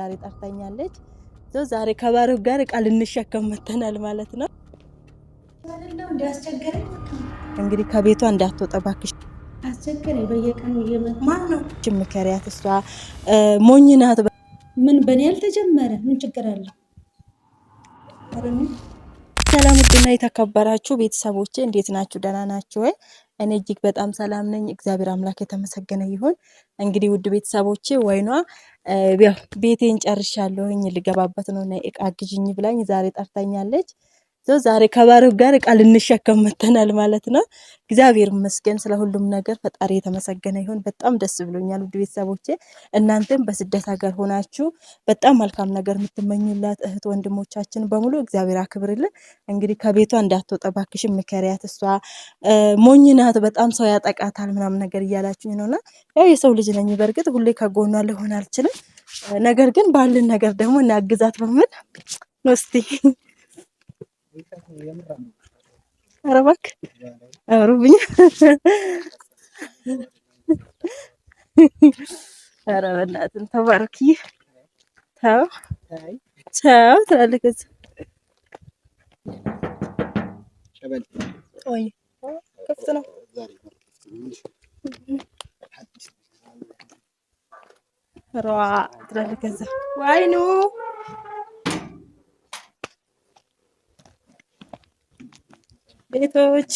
ዛሬ ጠርታኛለች። ዛሬ ከባሪው ጋር እቃ ልንሸከም መተናል ማለት ነው። እንግዲህ ከቤቷ እንዳትወጣ እባክሽ አስቸገረኝ። በየቀኑ ነው ምከሪያት። እሷ ሞኝ ናት። ምን በኔ ተጀመረ ምን ችግር አለው? ሰላም ውድና የተከበራችሁ ቤተሰቦቼ እንዴት ናችሁ? ደህና ናችሁ ወይ? እኔ እጅግ በጣም ሰላም ነኝ። እግዚአብሔር አምላክ የተመሰገነ ይሁን። እንግዲህ ውድ ቤተሰቦቼ ወይኗ ቤቴን ጨርሻለሁኝ ልገባበት ነው እና እቃ ግዥኝ ብላኝ ዛሬ ጠርታኛለች። ዛሬ ከባርብ ጋር ቃል ልንሸከም መተናል ማለት ነው። እግዚአብሔር ይመስገን ስለ ሁሉም ነገር ፈጣሪ የተመሰገነ ይሁን። በጣም ደስ ብሎኛል ውድ ቤተሰቦቼ። እናንተም በስደት ሀገር ሆናችሁ በጣም መልካም ነገር የምትመኙላት እህት ወንድሞቻችን በሙሉ እግዚአብሔር አክብርልን። እንግዲህ ከቤቷ እንዳትወጣ ምከሪያት፣ እሷ ሞኝ ናት፣ በጣም ሰው ያጠቃታል ምናምን ነገር እያላችሁኝ ነውና ያው የሰው ልጅ ነኝ። በእርግጥ ሁሌ ከጎኗ ልሆን አልችልም። ነገር ግን ባልን ነገር ደግሞ እናግዛት በምን ነው እስቲ ኧረ እባክህ አውሩብኝ። ኧረ በእናትህ ተው ባርክዬ፣ ተው ተው ትላለህ። ከዛ ወይ ክፍት ነው ሯ ትላለህ። ከዛ ዋይ ነው ቤቶች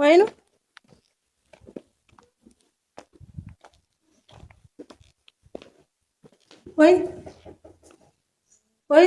ወይ ነው ወይ ወይ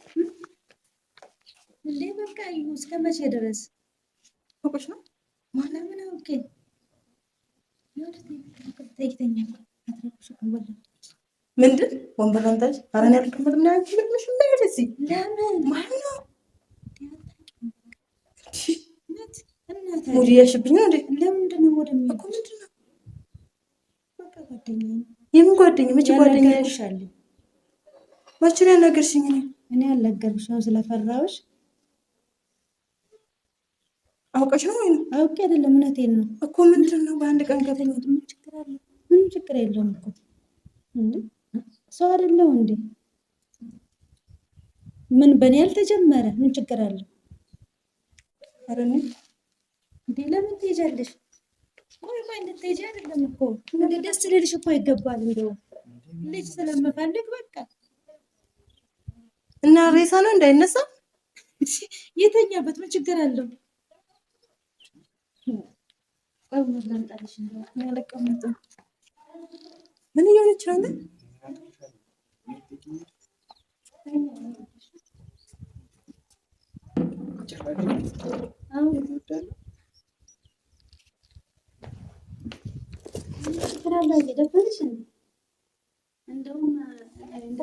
እንዴ በቃ እዩ እስከ መቼ ድረስ ፎቆች ነው ማለ ምን አውቄ ምንድን ወንበር ለምታች አረን ያልቀመጥ ምናምን ትልቅነሽ እንዳይደሲ ለምን ማለት ነው ሙድ እያልሽብኝ ነው እንዴ? ለምንድን ነው ወደ እኮ ምንድን ነው የምን ጓደኛ መቼ ጓደኛ ያልሻለኝ መቼ ነው ያናገርሽኝ? እኔ አልነገርኩሽ ነው ስለፈራሁሽ አውቀሽ ነው ወይ? አውቄ አይደለም፣ እውነቴን ነው እኮ። ምንድን ነው በአንድ ቀን ከተኛት ምን ችግር አለ? ምን ችግር የለውም እኮ ሰው አይደለው እንዴ? ምን በእኔ አልተጀመረ? ምን ችግር አለ? አረኒ እንዴ፣ ለምን ትሄጃለሽ? ቆይ ቆይ፣ እንድትሄጂ አይደለም እኮ እንደ ደስ ልልሽ እኮ ይገባል። እንደው ልጅ ስለምፈልግ በቃ እና ሬሳ ነው እንዳይነሳ የተኛበት ምን ችግር አለው? ምን እየሆነች ነው?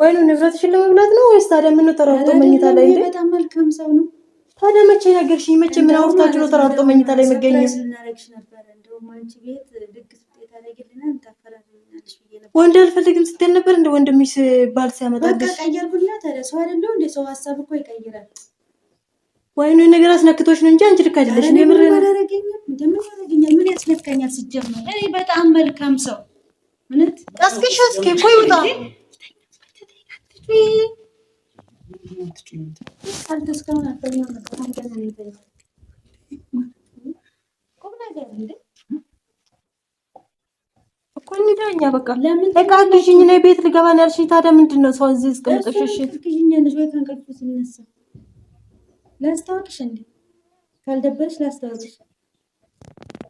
ወይኑ ንብረትሽን ለመብላት ነው ወይስ ታዲያ የምንጠራው መኝታ ላይ በጣም መልካም ሰው ነው። ታዲያ መቼ ነገርሽኝ? መቼ ምን አውርታችሁ ነው ተራርጦ መኝታ ላይ መገኘ ወንድ አልፈልግም ስትል ነበር። እንደ ወንድምሽ ባል ሲያመጣ ወይኑ ነገር አስነክቶች ነው እንጂ አንቺ ልክ አይደለሽም። የምር ምን ያስነካኛል? ሲጀመር እኔ በጣም መልካም ሰው እውነት እኮ እንሂዳ እኛ በቃ እቃ ግዢኝ ነይ ቤት ልገባ ነው ያልሽኝ። ታዲያ ምንድን ነው ሰው እዚህ እስቀምጥሽ? እሺ ላስታውቅሽ እንደ ካልደበረሽ ላስታውቅሽ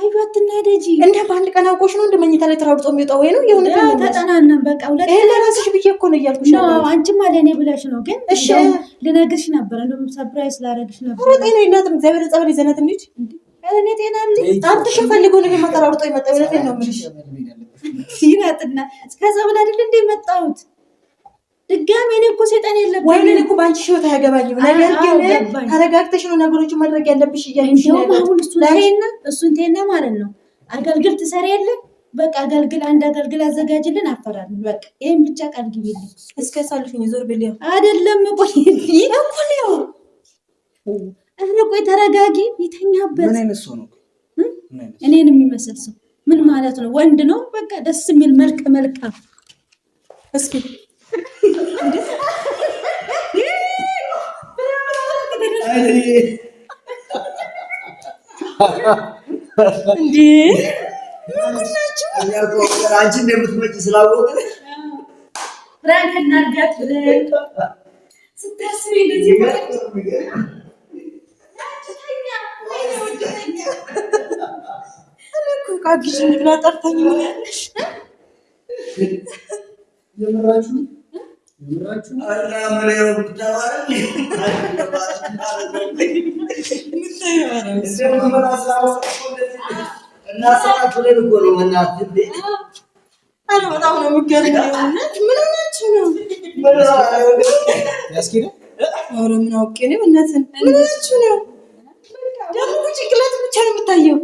አዩ አትናደጂ። እና በአንድ ቀን አውቆሽ ነው እንደ መኝታ ላይ ተራውጦ የሚወጣው ወይ ነው? የሆነ ተጠናነን በቃ ሁለት ይሄ ለራስሽ ብዬ እኮ ነው እያልኩሽ ነው። አንቺማ ለእኔ ብለሽ ነው። ግን እሺ ልነግርሽ ነበር፣ እንደውም ሰፕራይዝ ላደርግሽ ነበር። ኧረ ጤና የላትም እግዚአብሔር ጸበል ይዘናት እንጂ እኔ ጤና አለኝ። አንተሽ ፈልጎ ነው ይሄ ተራውጦ ነው የምልሽ። ይናጥና ከዛ ብላ አይደል እንደ የመጣሁት ድጋሚ እኔ እኮ ሴጠን የለብኝም። ወይኔ እኮ በአንቺ ህይወት አያገባኝም። ነገር ግን ተረጋግተሽ ነው ነገሮችን ማድረግ ያለብሽ እያልሽ እሱን ቴና ማለት ነው። አገልግል ትሰራ የለ በቃ አገልግል፣ አንድ አገልግል አዘጋጅልን፣ አፈራል በቃ ይህም ብቻ ቃል ግቢልኝ። እስከ ሳልፍኝ ዞር ብል አደለም ቆይኩሌው አረ ቆይ ተረጋጊ፣ ይተኛበት። እኔን የሚመስል ሰው ምን ማለት ነው? ወንድ ነው። በቃ ደስ የሚል መልክ መልካም እስኪ አንቺ እንደምትመጪ ስላወቅን ፍራንክ እናድርጋት ብለን ጭንቅላት ብቻ ነው የምታየው።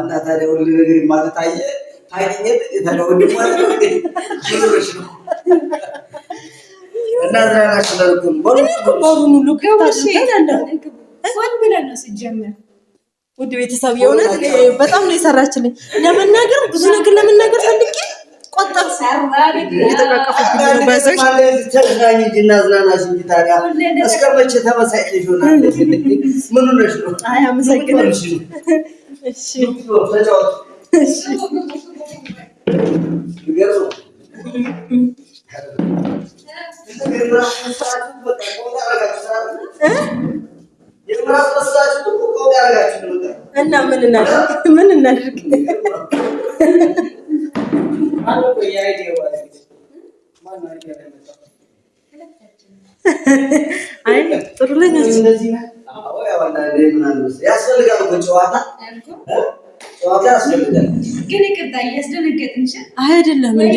እና ታዲያ ሁሉ ነገር ማለት ታየ ታይኘት የተለወድ ማለት ነው ነው ውድ ቤተሰብ የእውነት በጣም ነው የሰራችልኝ። ለመናገር ብዙ ነገር ለመናገር ፈልጌ ቆጠብ የተጠቀፉት እና ምን እናድርግ ምን እናድርግ? አይ ጥሩ ላይ ያስፈልጋል ግን ይቅርታ አይደለም እንዴ?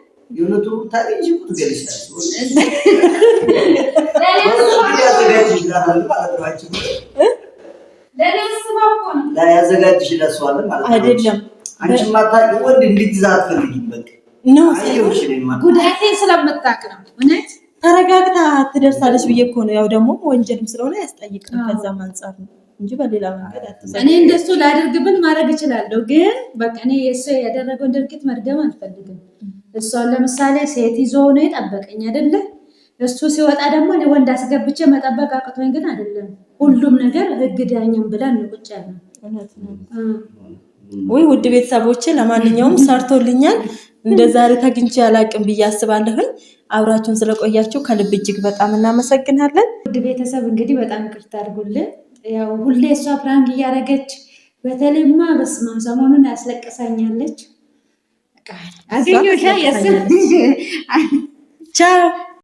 አይደለም አንቺማ ታውቂው ወንድ እንድትይዝ አትፈልጊም። በቃ ጉዳቴን ስለምታውቅ ነው። እውነት ተረጋግታ ትደርሳለች ብዬ እኮ ነው። ያው ደግሞ ወንጀልም ስለሆነ ያስጠይቃል። ከዛም አንጻር ነው እንጂ በሌላ መንገድ እኔ እንደሱ ላድርግ ማድረግ እችላለሁ። ግን በቃ እኔ የእሱ ያደረገውን ድርጊት መድገም አልፈልግም። እሷን ለምሳሌ ሴት ይዞ ነው የጠበቀኝ አይደለ? እሱ ሲወጣ ደግሞ እኔ ወንድ አስገብቼ መጠበቅ አቅቶኝ ግን አይደለም። ሁሉም ነገር ህግ ዳኝም ብለን እንቁጭ ያለ ወይ ውድ ቤተሰቦቼ፣ ለማንኛውም ሰርቶልኛል። እንደ ዛሬ ተግኝቼ አላቅም ብዬ አስባለሁኝ። አብራችሁን ስለቆያችሁ ከልብ እጅግ በጣም እናመሰግናለን። ውድ ቤተሰብ እንግዲህ በጣም ቅርት አድርጉልን። ያው ሁሌ እሷ ፕራንክ እያደረገች በተለይማ በስማ ሰሞኑን ያስለቅሰኛለች። ቻው